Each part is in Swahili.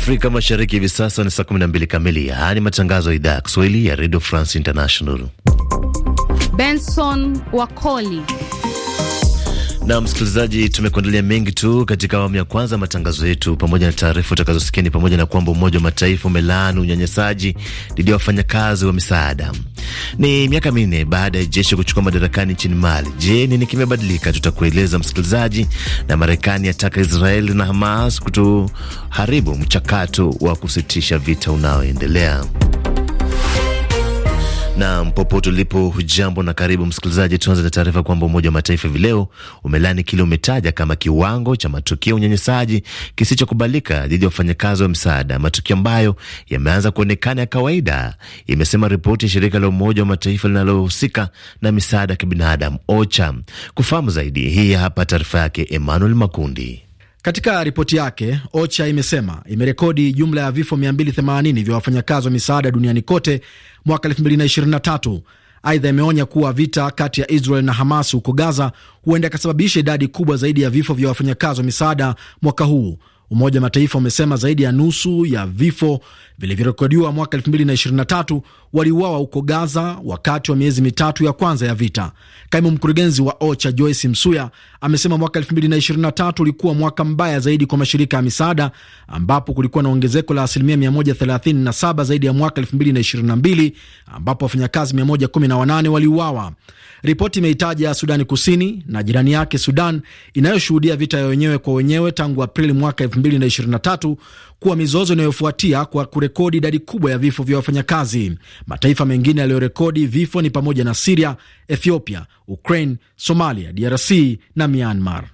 Afrika Mashariki hivi sasa ni saa 12 kamili. Haya ni matangazo ya idhaa ya Kiswahili ya Radio France International. Benson Wakoli na msikilizaji, tumekuandalia mengi tu katika awamu ya kwanza matangazo yetu, pamoja na taarifa utakazosikia ni pamoja na kwamba Umoja wa Mataifa umelaani unyanyasaji dhidi ya wafanyakazi wa misaada ni miaka minne baada ya jeshi kuchukua madarakani nchini Mali. Je, nini kimebadilika? Tutakueleza msikilizaji. Na Marekani yataka Israeli na Hamas kutoharibu mchakato wa kusitisha vita unaoendelea. Nam popote ulipo, hujambo na karibu msikilizaji. Tuanze na taarifa kwamba Umoja wa Mataifa hivi leo umelani kile umetaja kama kiwango cha matukio ya unyanyasaji kisichokubalika dhidi ya wafanyakazi wa msaada, matukio ambayo yameanza kuonekana ya kawaida, imesema ripoti ya shirika la Umoja wa Mataifa linalohusika na misaada ya kibinadamu OCHA. Kufahamu zaidi, hii hapa taarifa yake Emmanuel Makundi. Katika ripoti yake OCHA imesema imerekodi jumla ya vifo 280 vya wafanyakazi wa misaada duniani kote mwaka 2023. Aidha, imeonya kuwa vita kati ya Israel na Hamas huko Gaza huenda ikasababisha idadi kubwa zaidi ya vifo vya wafanyakazi wa misaada mwaka huu. Umoja wa Mataifa umesema zaidi ya nusu ya vifo vilivyorekodiwa mwaka 2023 waliuawa huko Gaza wakati wa miezi mitatu ya kwanza ya vita. Kaimu mkurugenzi wa OCHA Joyce Msuya amesema mwaka 2023 ulikuwa mwaka mbaya zaidi kwa mashirika ya misaada, ambapo kulikuwa na ongezeko la asilimia 137 zaidi ya mwaka 2022 ambapo wafanyakazi 118 waliuawa. Ripoti imeitaja Sudani Kusini na jirani yake Sudan inayoshuhudia vita ya wenyewe kwa wenyewe tangu Aprili mwaka 2023 kuwa mizozo inayofuatia kwa kurekodi idadi kubwa ya vifo vya wafanyakazi. Mataifa mengine yaliyorekodi vifo ni pamoja na Siria, Ethiopia, Ukraine, Somalia, DRC na Myanmar.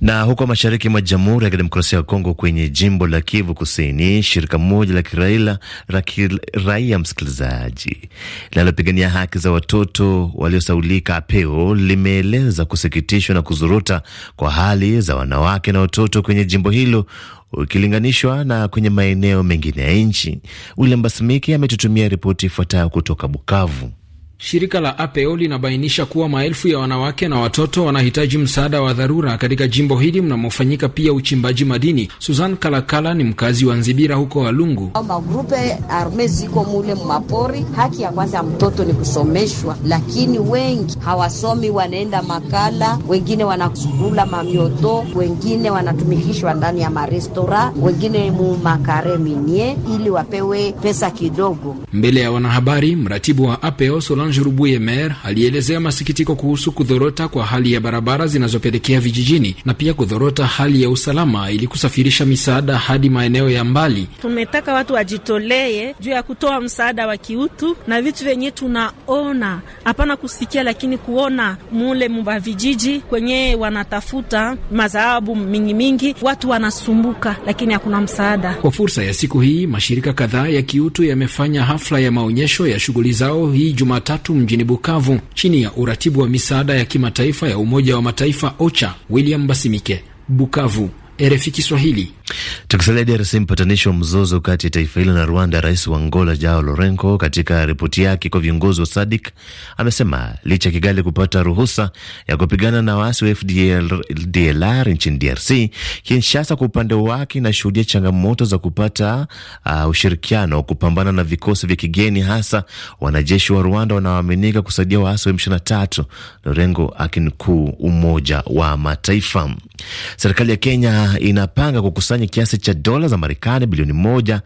Na huko mashariki mwa Jamhuri ya Kidemokrasia ya Kongo, kwenye jimbo la Kivu Kusini, shirika moja la kiraia la kiraia msikilizaji, linalopigania haki za watoto waliosaulika Apeo limeeleza kusikitishwa na kuzuruta kwa hali za wanawake na watoto kwenye jimbo hilo ukilinganishwa na kwenye maeneo mengine ya nchi. William Basmiki ametutumia ripoti ifuatayo kutoka Bukavu. Shirika la apo linabainisha kuwa maelfu ya wanawake na watoto wanahitaji msaada wa dharura katika jimbo hili mnamofanyika pia uchimbaji madini. suzan Kalakala ni mkazi wa Nzibira huko Walungu. Magrupe arme ziko mule mapori. Haki ya kwanza ya mtoto ni kusomeshwa, lakini wengi hawasomi, wanaenda makala, wengine wanasukula mamioto, wengine wanatumikishwa ndani ya marestora, wengine mu makare minie ili wapewe pesa kidogo. Mbele ya wanahabari, mratibu wa APO Rubuye Mer alielezea masikitiko kuhusu kudhorota kwa hali ya barabara zinazopelekea vijijini na pia kudhorota hali ya usalama ili kusafirisha misaada hadi maeneo ya mbali. Tumetaka watu wajitolee juu ya kutoa msaada wa kiutu na vitu vyenye tunaona, hapana kusikia, lakini kuona mule mba vijiji kwenye wanatafuta mazaabu mingi mingi, watu wanasumbuka, lakini hakuna msaada. Kwa fursa ya siku hii, mashirika kadhaa ya kiutu yamefanya hafla ya maonyesho ya shughuli zao hii Jumatatu tatu mjini Bukavu chini ya uratibu wa misaada ya kimataifa ya Umoja wa Mataifa OCHA. William Basimike, Bukavu, RFI Kiswahili. Tukisalia DRC, mpatanishi wa mzozo kati ya taifa hilo na Rwanda, rais wa Angola Jao Lorenco, katika ripoti yake kwa viongozi wa SADIK amesema licha ya Kigali kupata ruhusa ya kupigana na waasi wa FDLR nchini DRC, Kinshasa kwa upande wake inashuhudia changamoto za kupata uh, ushirikiano wa kupambana na vikosi vya kigeni, hasa wanajeshi wa Rwanda wanaoaminika kusaidia waasi wa M23, Lorenco akinukuu Umoja wa Mataifa. Serikali ya Kenya inapanga kukusanya kukusanya kiasi cha dola za Marekani bilioni moja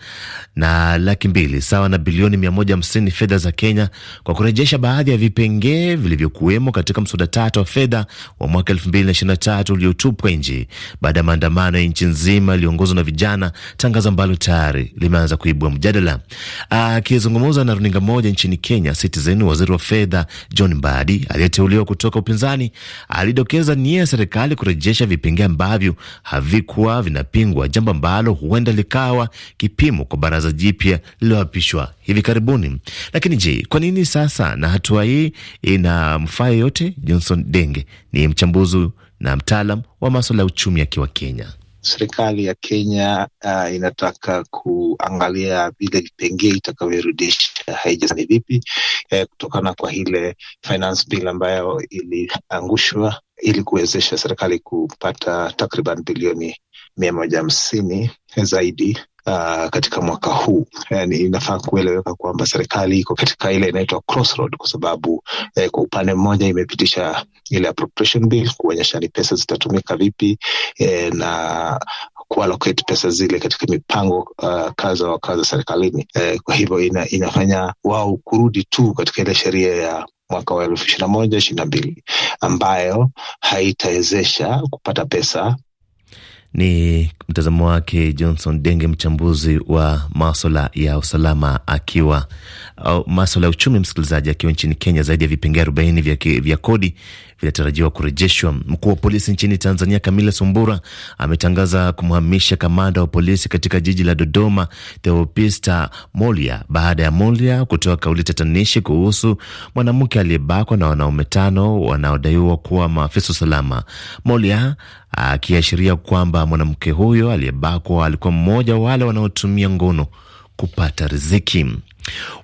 na laki mbili sawa na bilioni mia moja hamsini fedha za Kenya kwa kurejesha baadhi ya vipengee vilivyokuwemo katika mswada tatu wa fedha wa mwaka elfu mbili na tatu uliotupwa nje baada ya maandamano ya nchi nzima iliyoongozwa na vijana, tangazo ambalo tayari limeanza kuibua mjadala. Akizungumza na runinga moja nchini Kenya, Citizen, waziri wa fedha John Mbadi aliyeteuliwa kutoka upinzani alidokeza nia ya serikali kurejesha vipengee ambavyo havikuwa vinapingwa kikubwa, jambo ambalo huenda likawa kipimo kwa baraza jipya lililoapishwa hivi karibuni. Lakini je, kwa nini sasa? Na hatua hii ina mfaa yoyote Johnson Denge ni mchambuzi na mtaalam wa maswala ya uchumi akiwa Kenya. Serikali ya Kenya uh, inataka kuangalia vile vipengee itakavyorudisha haijasani vipi eh, kutokana kwa ile finance bill ambayo iliangushwa ili kuwezesha serikali kupata takriban bilioni mia moja hamsini zaidi Uh, katika mwaka huu yani, inafaa kueleweka kwamba serikali iko katika ile inaitwa crossroad, kwa sababu eh, kwa upande mmoja imepitisha ile appropriation bill kuonyesha ni pesa zitatumika vipi eh, na kuallocate pesa zile katika mipango uh, kaza wa kaza serikalini eh, kwa hivyo ina, inafanya wao kurudi tu katika ile sheria ya mwaka wa elfu ishirini na moja ishirini na mbili ambayo haitawezesha kupata pesa ni mtazamo wake Johnson Denge, mchambuzi wa maswala ya usalama akiwa maswala ya uchumi, msikilizaji, akiwa nchini Kenya. Zaidi ya vipengee 40 vya, vya kodi vinatarajiwa kurejeshwa. Mkuu wa polisi nchini Tanzania Kamila Sumbura ametangaza kumhamisha kamanda wa polisi katika jiji la Dodoma Theopista Molia baada ya Molia kutoa kauli tatanishi kuhusu mwanamke aliyebakwa na wanaume tano wanaodaiwa kuwa maafisa usalama. Molia akiashiria kwamba mwanamke huyo aliyebakwa alikuwa mmoja wale wanaotumia ngono kupata riziki.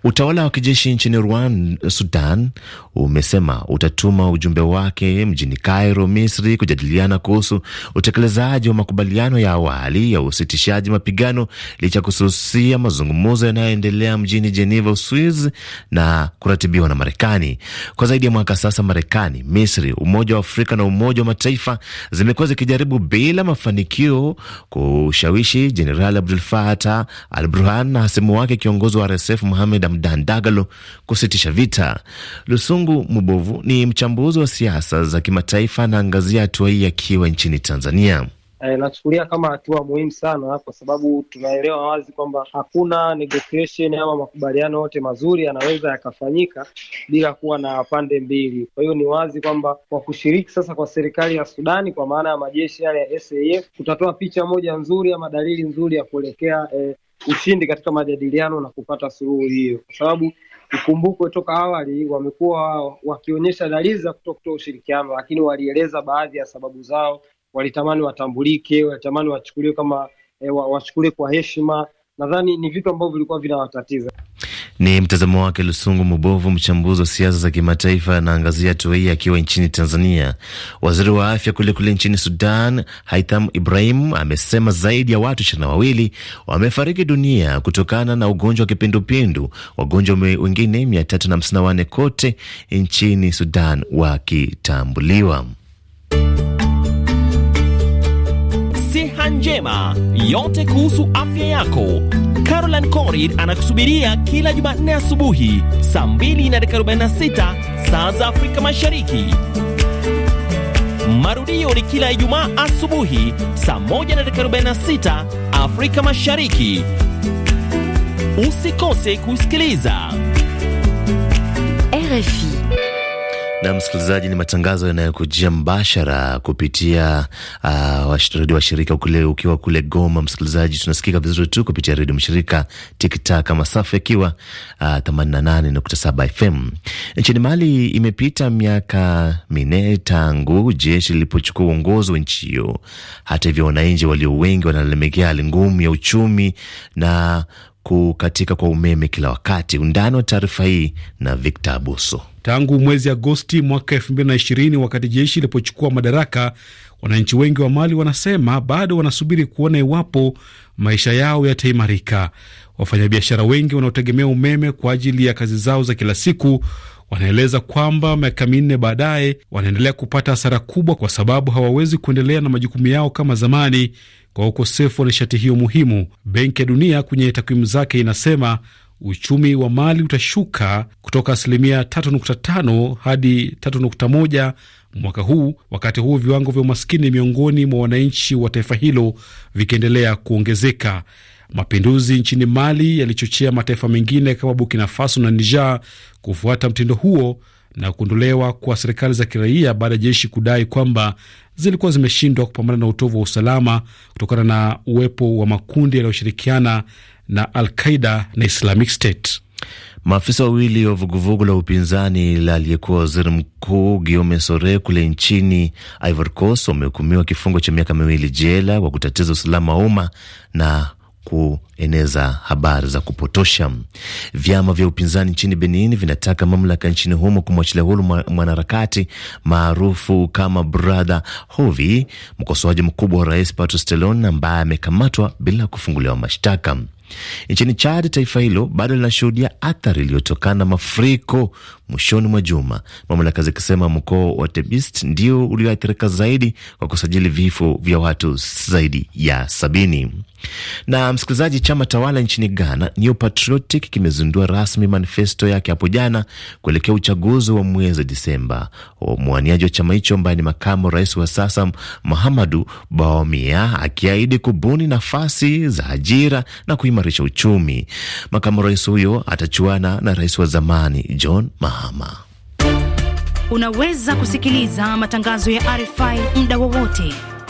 Utawala wa kijeshi nchini Rwanda, Sudan umesema utatuma ujumbe wake mjini Cairo, Misri, kujadiliana kuhusu utekelezaji wa makubaliano ya awali ya usitishaji mapigano licha ya kususia mazungumzo yanayoendelea mjini Geneva, swiz na kuratibiwa na Marekani. Kwa zaidi ya mwaka sasa, Marekani, Misri, Umoja wa Afrika na Umoja wa Mataifa zimekuwa zikijaribu bila mafanikio kushawishi Jenerali Abdul Fatah al Burhan na hasimu wake kiongozi wa RSF Mohamed Hamdan Dagalo kusitisha vita. Lusungu Mubovu ni mchambuzi wa siasa za kimataifa, anaangazia hatua hii akiwa nchini Tanzania. E, nachukulia kama hatua muhimu sana kwa sababu tunaelewa wazi kwamba hakuna negotiation ama makubaliano yote mazuri yanaweza yakafanyika bila kuwa na pande mbili. Kwa hiyo ni wazi kwamba kwa kushiriki sasa kwa serikali ya Sudani kwa maana ya majeshi yale ya SAF kutatoa picha moja nzuri ama dalili nzuri ya kuelekea e, ushindi katika majadiliano na kupata suluhu hiyo, kwa sababu ikumbukwe, toka awali wamekuwa wakionyesha dalili za kutokutoa ushirikiano, lakini walieleza baadhi ya sababu zao. Walitamani watambulike, walitamani wachukuliwe kama e, wachukuliwe kwa heshima. Nadhani ni vitu ambavyo vilikuwa vinawatatiza. Ni mtazamo wake Lusungu Mubovu, mchambuzi wa siasa za kimataifa, anaangazia hatua hii akiwa nchini Tanzania. Waziri wa afya kule kule nchini Sudan, Haitham Ibrahim, amesema zaidi ya watu ishirini na wawili wamefariki dunia kutokana na ugonjwa wa kipindupindu, wagonjwa wengine 354 kote nchini Sudan wakitambuliwa. Njema, yote kuhusu afya yako. Caroline Corid anakusubiria kila Jumanne asubuhi saa 246 saa za Afrika Mashariki. Marudio ni kila Ijumaa asubuhi saa 146 Afrika Mashariki. Usikose kusikiliza RFI. Na msikilizaji, ni matangazo yanayokujia mbashara kupitia uh, redio washirika ukiwa kule Goma. Msikilizaji, tunasikika vizuri tu kupitia redio mshirika kama safu akiwa uh, 88.7 FM. Nchini Mali imepita miaka minne tangu jeshi lilipochukua uongozi wa nchi hiyo. Hata hivyo, wananchi walio wengi wanalalamikia hali ngumu ya uchumi na kukatika kwa umeme kila wakati. Undani wa taarifa hii na Victor Abuso. Tangu mwezi Agosti mwaka ishirini wakati jeshi ilipochukua madaraka, wananchi wengi wa Mali wanasema bado wanasubiri kuona iwapo maisha yao yataimarika. Wafanyabiashara wengi wanaotegemea umeme kwa ajili ya kazi zao za kila siku wanaeleza kwamba miaka minne baadaye wanaendelea kupata hasara kubwa, kwa sababu hawawezi kuendelea na majukumu yao kama zamani, kwa ukosefu wa nishati hiyo muhimu. Benki ya Dunia kwenye takwimu zake inasema uchumi wa Mali utashuka kutoka asilimia 3.5 hadi 3.1 mwaka huu, wakati huu viwango vya umaskini miongoni mwa wananchi wa taifa hilo vikiendelea kuongezeka. Mapinduzi nchini Mali yalichochea mataifa mengine kama Burkina Faso na Niger kufuata mtindo huo na kuondolewa kwa serikali za kiraia baada ya jeshi kudai kwamba zilikuwa zimeshindwa kupambana na utovu wa usalama kutokana na uwepo wa makundi yanayoshirikiana na Al-Qaida na Islamic State. Maafisa wawili wa vuguvugu la upinzani la aliyekuwa waziri mkuu Guillaume Sore kule nchini Ivory Coast wamehukumiwa kifungo cha miaka miwili jela kwa kutatiza usalama wa umma na kueneza habari za kupotosha. Vyama vya upinzani nchini Benin vinataka mamlaka nchini humo kumwachilia huru mwanaharakati maarufu kama Brother Hovi, mkosoaji mkubwa wa rais Patrice Talon ambaye amekamatwa bila kufunguliwa mashtaka. Nchini Chad, taifa hilo bado linashuhudia athari iliyotokana na mafuriko mwishoni mwa juma, mamlaka zikisema mkoa wa Tebist ndio ulioathirika zaidi kwa kusajili vifo vya watu zaidi ya sabini. Na msikilizaji, chama tawala nchini Ghana New Patriotic kimezindua rasmi manifesto yake hapo jana kuelekea uchaguzi wa mwezi Disemba. Mwaniaji wa chama hicho ambaye ni makamu rais wa sasa Mahamadu Baomia akiahidi kubuni nafasi za ajira na kuimarisha uchumi. Makamu rais huyo atachuana na rais wa zamani John Mahama. Unaweza kusikiliza matangazo ya RFI muda wowote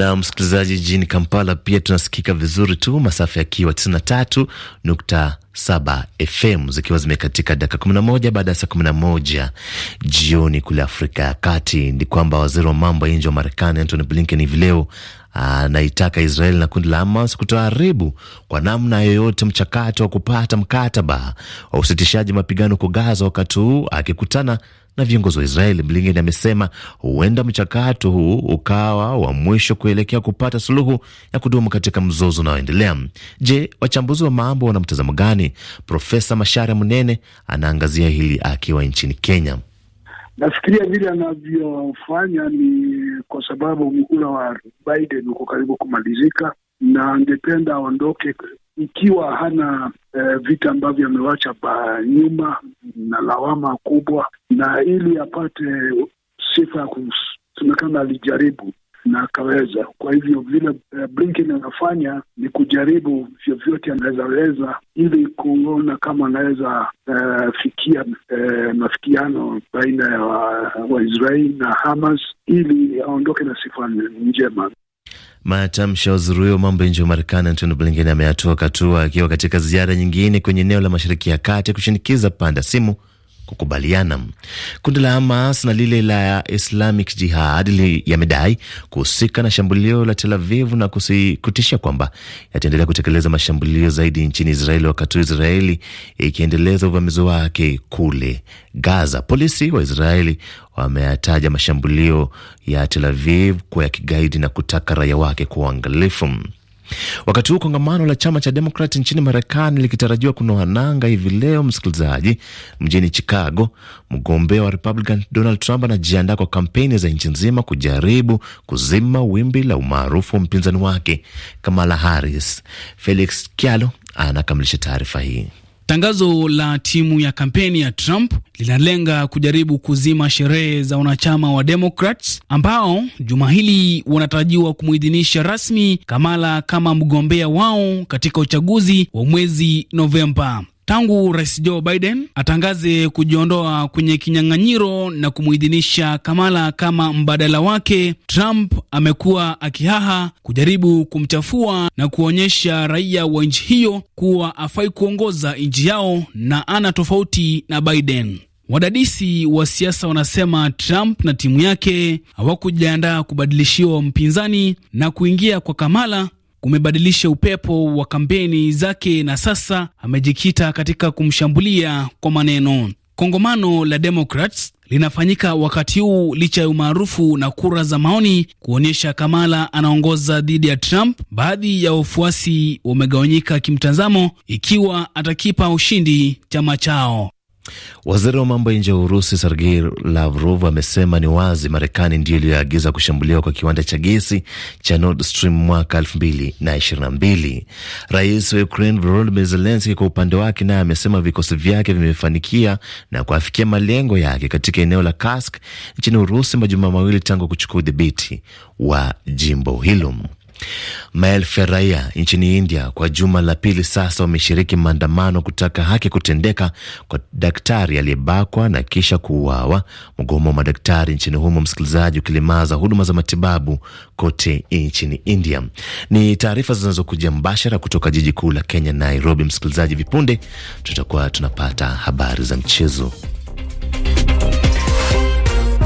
Na msikilizaji, jijini Kampala pia tunasikika vizuri tu, masafa yakiwa 93.7 FM zikiwa zimekatika dakika 11 baada ya saa 11 jioni kule Afrika ya Kati. Ni kwamba waziri wa mambo ya nje wa Marekani Antony Blinken hivi leo anaitaka Israeli na kundi la Hamas kutoharibu kwa namna yoyote mchakato wa kupata mkataba wa usitishaji mapigano huko Gaza, wakati huu akikutana na viongozi wa Israeli, Blinken amesema huenda mchakato huu ukawa wa mwisho kuelekea kupata suluhu ya kudumu katika mzozo unaoendelea. Je, wachambuzi wa mambo wana mtazamo gani? Profesa Mashare Munene anaangazia hili akiwa nchini Kenya. Nafikiria vile anavyofanya ni kwa sababu muhula wa Biden uko karibu kumalizika, na angependa aondoke ikiwa hana e, eh, vita ambavyo amewacha nyuma na lawama kubwa, na ili apate sifa ya kusemekana alijaribu na akaweza. Kwa hivyo vile e, Blinken anafanya ni kujaribu vyovyote anawezaweza, ili kuona kama anaweza e, fikia e, mafikiano baina ya wa, Waisraeli na Hamas ili aondoke na sifa njema. Matamshi ya waziri huyo mambo ya nje wa Marekani Antony Blinken ameyatoa katua akiwa katika ziara nyingine kwenye eneo la Mashariki ya Kati kushinikiza panda simu kukubaliana. Kundi la Hamas na lile la Islamic Jihad yamedai kuhusika na shambulio la Tel Aviv na kutisha kwamba yataendelea kutekeleza mashambulio zaidi nchini Israeli, wakati huu Israeli ikiendeleza uvamizi wake kule Gaza. Polisi wa Israeli wameyataja mashambulio ya Tel Aviv kuwa ya kigaidi na kutaka raia wake kuwa uangalifu. Wakati huu kongamano la chama cha Demokrat nchini Marekani likitarajiwa kunoa nanga hivi leo, msikilizaji, mjini Chicago, mgombea wa Republican Donald Trump anajiandaa kwa kampeni za nchi nzima kujaribu kuzima wimbi la umaarufu wa mpinzani wake Kamala Harris. Felix Kyalo anakamilisha taarifa hii. Tangazo la timu ya kampeni ya Trump linalenga kujaribu kuzima sherehe za wanachama wa Democrats ambao juma hili wanatarajiwa kumwidhinisha rasmi Kamala kama mgombea wao katika uchaguzi wa mwezi Novemba tangu Rais Joe Biden atangaze kujiondoa kwenye kinyang'anyiro na kumuidhinisha Kamala kama mbadala wake, Trump amekuwa akihaha kujaribu kumchafua na kuonyesha raia wa nchi hiyo kuwa afai kuongoza nchi yao na ana tofauti na Biden. Wadadisi wa siasa wanasema Trump na timu yake hawakujiandaa kubadilishiwa mpinzani na kuingia kwa Kamala kumebadilisha upepo wa kampeni zake na sasa amejikita katika kumshambulia kwa maneno. Kongamano la Democrats linafanyika wakati huu licha ya umaarufu na kura za maoni kuonyesha Kamala anaongoza dhidi ya Trump. Baadhi ya wafuasi wamegawanyika kimtazamo ikiwa atakipa ushindi chama chao. Waziri wa mambo ya nje wa Urusi Sergei Lavrov amesema ni wazi Marekani ndiyo iliyoagiza kushambuliwa kwa kiwanda cha gesi cha Nord Stream mwaka mbili. Rais wa Ukraine Volodymyr Zelenski kwa upande wake naye amesema vikosi vyake vimefanikia na kuafikia malengo yake katika eneo la Kursk nchini Urusi, majuma mawili tangu kuchukua udhibiti wa jimbo hilo. Maelfu ya raia nchini India kwa juma la pili sasa wameshiriki maandamano kutaka haki kutendeka kwa daktari aliyebakwa na kisha kuuawa, mgomo wa madaktari nchini humo, msikilizaji, ukilimaza huduma za matibabu kote nchini India. Ni taarifa zinazokuja mbashara kutoka jiji kuu la Kenya, Nairobi. Msikilizaji, vipunde tutakuwa tunapata habari za mchezo.